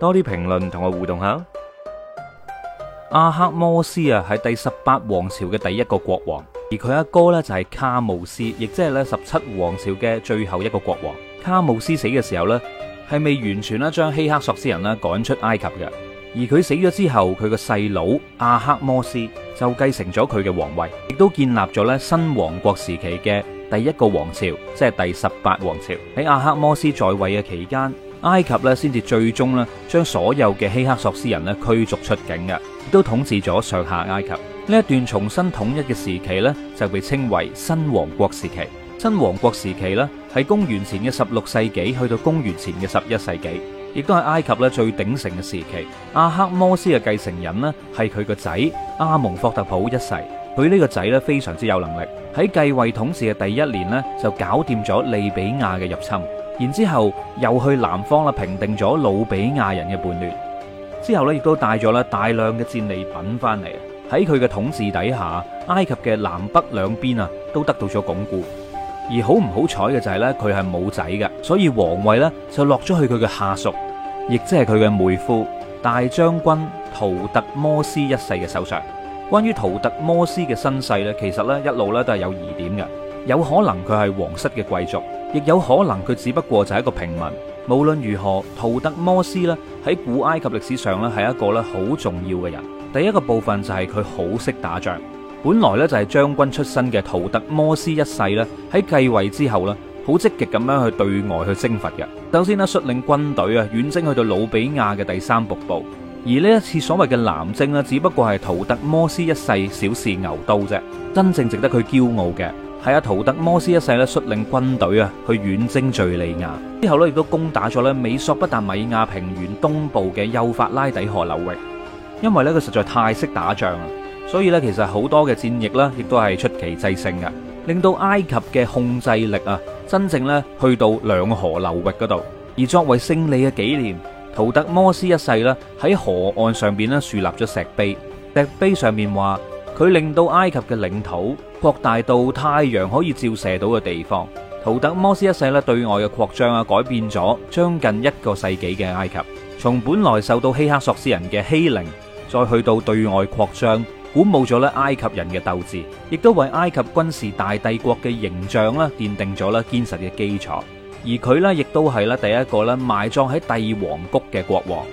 多啲評論同我互動下。阿克摩斯啊，係第十八王朝嘅第一個國王，而佢阿哥呢就係卡姆斯，亦即係呢十七王朝嘅最後一個國王。卡姆斯死嘅時候呢，係未完全呢將希克索斯人呢趕出埃及嘅。而佢死咗之後，佢個細佬阿克摩斯就繼承咗佢嘅皇位，亦都建立咗呢新王國時期嘅第一個王朝，即係第十八王朝。喺阿克摩斯在位嘅期間。埃及咧，先至最終咧，將所有嘅希克索斯人咧驅逐出境嘅，亦都統治咗上下埃及。呢一段重新統一嘅時期咧，就被稱為新王國時期。新王國時期咧，係公元前嘅十六世紀去到公元前嘅十一世紀，亦都係埃及咧最鼎盛嘅時期。阿克摩斯嘅繼承人咧，係佢個仔阿蒙霍特普一世。佢呢個仔咧非常之有能力，喺繼位統治嘅第一年咧，就搞掂咗利比亞嘅入侵。然之後又去南方啦，平定咗努比亞人嘅叛亂。之後咧，亦都帶咗啦大量嘅戰利品翻嚟。喺佢嘅統治底下，埃及嘅南北兩邊啊，都得到咗鞏固。而好唔好彩嘅就係咧，佢係冇仔嘅，所以皇位咧就落咗去佢嘅下屬，亦即係佢嘅妹夫大將軍圖特摩斯一世嘅手上。關於圖特摩斯嘅身世咧，其實咧一路咧都係有疑點嘅，有可能佢係皇室嘅貴族。亦有可能佢只不過就係一個平民。無論如何，圖特摩斯咧喺古埃及歷史上咧係一個咧好重要嘅人。第一個部分就係佢好識打仗，本來咧就係將軍出身嘅圖特摩斯一世咧喺繼位之後咧好積極咁樣去對外去征伐嘅。首先啦，率領軍隊啊遠征去到努比亞嘅第三瀑布，而呢一次所謂嘅南征咧只不過係圖特摩斯一世小試牛刀啫，真正值得佢驕傲嘅，係阿圖特摩斯一世咧率領軍隊啊去遠征敘利亞之後咧，亦都攻打咗咧美索不達米亞平原東部嘅幼發拉底河流域。因為咧佢實在太識打仗啦，所以咧其實好多嘅戰役咧亦都係出奇制勝嘅，令到埃及嘅控制力啊真正咧去到兩河流域嗰度。而作為勝利嘅紀念，圖特摩斯一世咧喺河岸上邊咧樹立咗石碑，石碑上面話佢令到埃及嘅領土。擴大到太陽可以照射到嘅地方。圖特摩斯一世咧對外嘅擴張啊，改變咗將近一個世紀嘅埃及。從本來受到希克索斯人嘅欺凌，再去到對外擴張，鼓舞咗咧埃及人嘅鬥志，亦都為埃及軍事大帝國嘅形象咧奠定咗咧堅實嘅基礎。而佢咧亦都係咧第一個咧埋葬喺帝王谷嘅國王。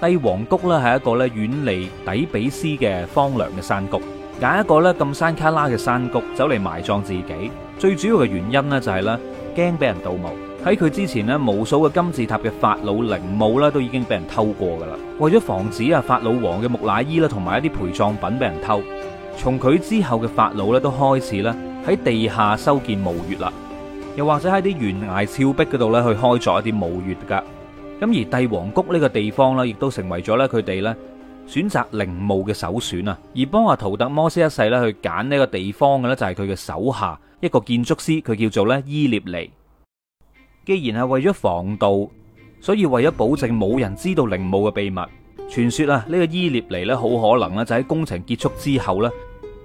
帝王谷咧係一個咧遠離底比斯嘅荒涼嘅山谷。揀一個咧咁山卡拉嘅山谷走嚟埋葬自己，最主要嘅原因呢，就係咧驚俾人盜墓。喺佢之前咧，無數嘅金字塔嘅法老陵墓呢，都已經俾人偷過噶啦。為咗防止啊法老王嘅木乃伊啦同埋一啲陪葬品俾人偷，從佢之後嘅法老呢，都開始咧喺地下修建墓穴啦，又或者喺啲懸崖峭壁嗰度咧去開鑿一啲墓穴噶。咁而帝王谷呢個地方呢，亦都成為咗咧佢哋咧。選擇陵墓嘅首選啊，而幫阿圖特摩斯一世咧去揀呢個地方嘅咧，就係佢嘅手下一個建築師，佢叫做咧伊涅尼。既然係為咗防盜，所以為咗保證冇人知道陵墓嘅秘密，傳說啊呢個伊涅尼咧好可能咧就喺工程結束之後咧，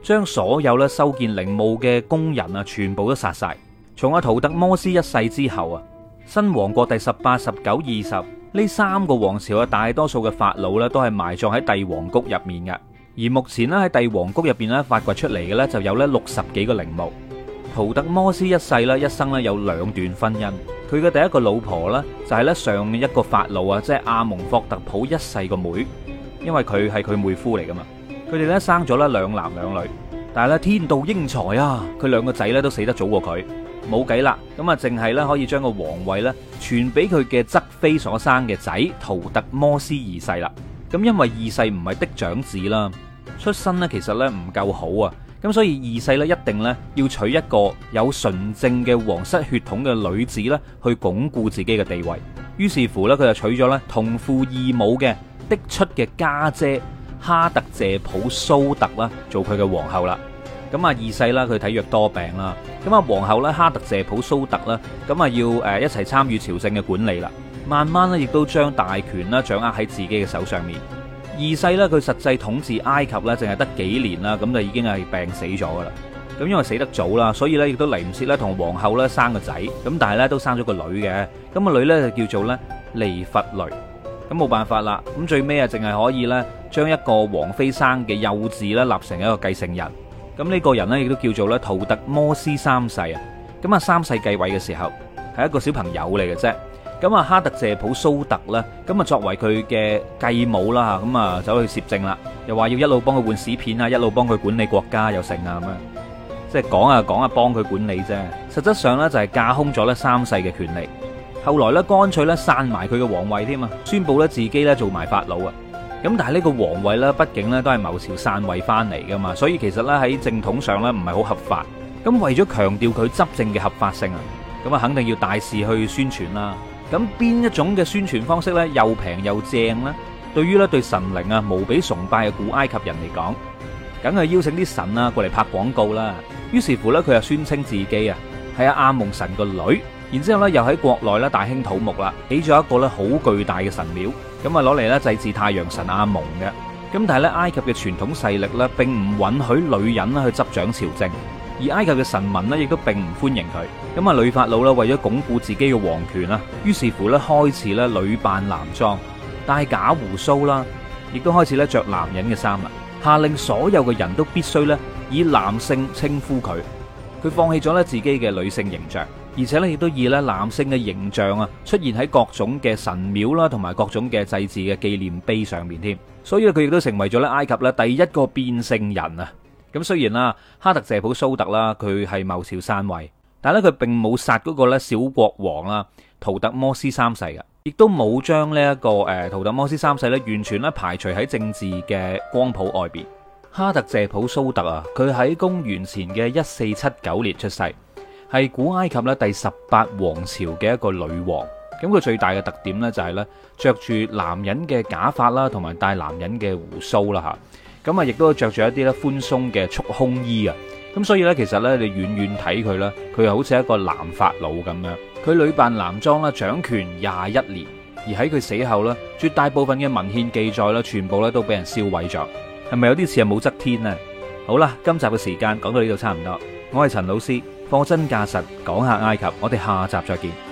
將所有咧修建陵墓嘅工人啊全部都殺晒。從阿圖特摩斯一世之後啊。新王國第十八、十九、二十呢三個王朝嘅大多數嘅法老呢，都係埋葬喺帝王谷入面噶。而目前呢，喺帝王谷入邊呢，發掘出嚟嘅呢，就有呢六十幾個陵墓。圖特摩斯一世呢，一生呢有兩段婚姻，佢嘅第一個老婆呢，就係呢上面一個法老啊，即係阿蒙霍特普一世個妹，因為佢係佢妹夫嚟噶嘛。佢哋呢，生咗呢兩男兩女，但係呢，天妒英才啊，佢兩個仔呢，都死得早過佢。冇計啦，咁啊，淨係咧可以將個皇位咧傳俾佢嘅側妃所生嘅仔圖特摩斯二世啦。咁因為二世唔係嫡長子啦，出身咧其實咧唔夠好啊，咁所以二世咧一定咧要娶一個有純正嘅皇室血統嘅女子咧去鞏固自己嘅地位。於是乎咧，佢就娶咗咧同父異母嘅嫡出嘅家姐姐。哈特謝普蘇特啦，做佢嘅皇后啦。咁啊，二世啦，佢體弱多病啦。咁啊，皇后咧，哈特謝普蘇特啦，咁啊，要誒一齊參與朝政嘅管理啦。慢慢咧，亦都將大權啦，掌握喺自己嘅手上面。二世咧，佢實際統治埃及咧，淨係得幾年啦，咁就已經係病死咗噶啦。咁因為死得早啦，所以咧亦都嚟唔切咧同皇后咧生個仔。咁但係咧都生咗個女嘅。咁個女咧就叫做咧利弗雷。咁冇辦法啦。咁最尾啊，淨係可以咧。將一個王妃生嘅幼子咧立成一個繼承人，咁、這、呢個人呢，亦都叫做咧圖特摩斯三世啊。咁啊，三世繼位嘅時候係一個小朋友嚟嘅啫。咁啊，哈特謝普蘇特咧，咁啊作為佢嘅繼母啦，咁啊走去攝政啦，又話要一路幫佢換屎片啊，一路幫佢管理國家又成啊咁樣，即係講啊講啊幫佢管理啫。實質上呢，就係架空咗咧三世嘅權力。後來呢，乾脆呢，散埋佢嘅皇位添啊，宣布呢自己呢做埋法老啊。咁但係呢個皇位咧，畢竟咧都係謀朝篡位翻嚟噶嘛，所以其實咧喺正統上咧唔係好合法。咁為咗強調佢執政嘅合法性啊，咁啊肯定要大肆去宣傳啦。咁邊一種嘅宣傳方式咧又平又正咧？對於咧對神靈啊無比崇拜嘅古埃及人嚟講，梗係邀請啲神啊過嚟拍廣告啦。於是乎咧，佢就宣稱自己啊係阿蒙神個女。然之後咧，又喺國內咧大興土木啦，起咗一個咧好巨大嘅神廟，咁啊攞嚟咧祭祀太陽神阿蒙嘅。咁但係咧，埃及嘅傳統勢力咧並唔允許女人咧去執掌朝政，而埃及嘅神民咧亦都並唔歡迎佢。咁啊，女法老啦，為咗鞏固自己嘅王權啦，於是乎咧開始咧女扮男裝，戴假鬍鬚啦，亦都開始咧著男人嘅衫啊，下令所有嘅人都必須咧以男性稱呼佢，佢放棄咗咧自己嘅女性形象。而且咧，亦都以咧男性嘅形象啊，出現喺各種嘅神廟啦，同埋各種嘅祭祀嘅紀念碑上面添。所以佢亦都成為咗咧埃及咧第一個變性人啊！咁雖然啦，哈特謝普蘇特啦，佢係謀朝篡位，但係咧佢並冇殺嗰個咧小國王啊，圖特摩斯三世啊，亦都冇將呢一個誒圖特摩斯三世咧完全咧排除喺政治嘅光譜外邊。哈特謝普蘇特啊，佢喺公元前嘅一四七九年出世。係古埃及咧第十八王朝嘅一個女王，咁佢最大嘅特點呢就係呢，着住男人嘅假髮啦，同埋戴男人嘅鬍鬚啦吓，咁啊亦都着住一啲咧寬鬆嘅束胸衣啊，咁所以呢，其實呢，你遠遠睇佢咧，佢又好似一個男法老咁樣，佢女扮男裝啦，掌權廿一年，而喺佢死後呢，絕大部分嘅文獻記載咧，全部呢都俾人燒毀咗，係咪有啲似係武則天呢？好啦，今集嘅時間講到呢度差唔多，我係陳老師。貨真價實，講下埃及，我哋下集再見。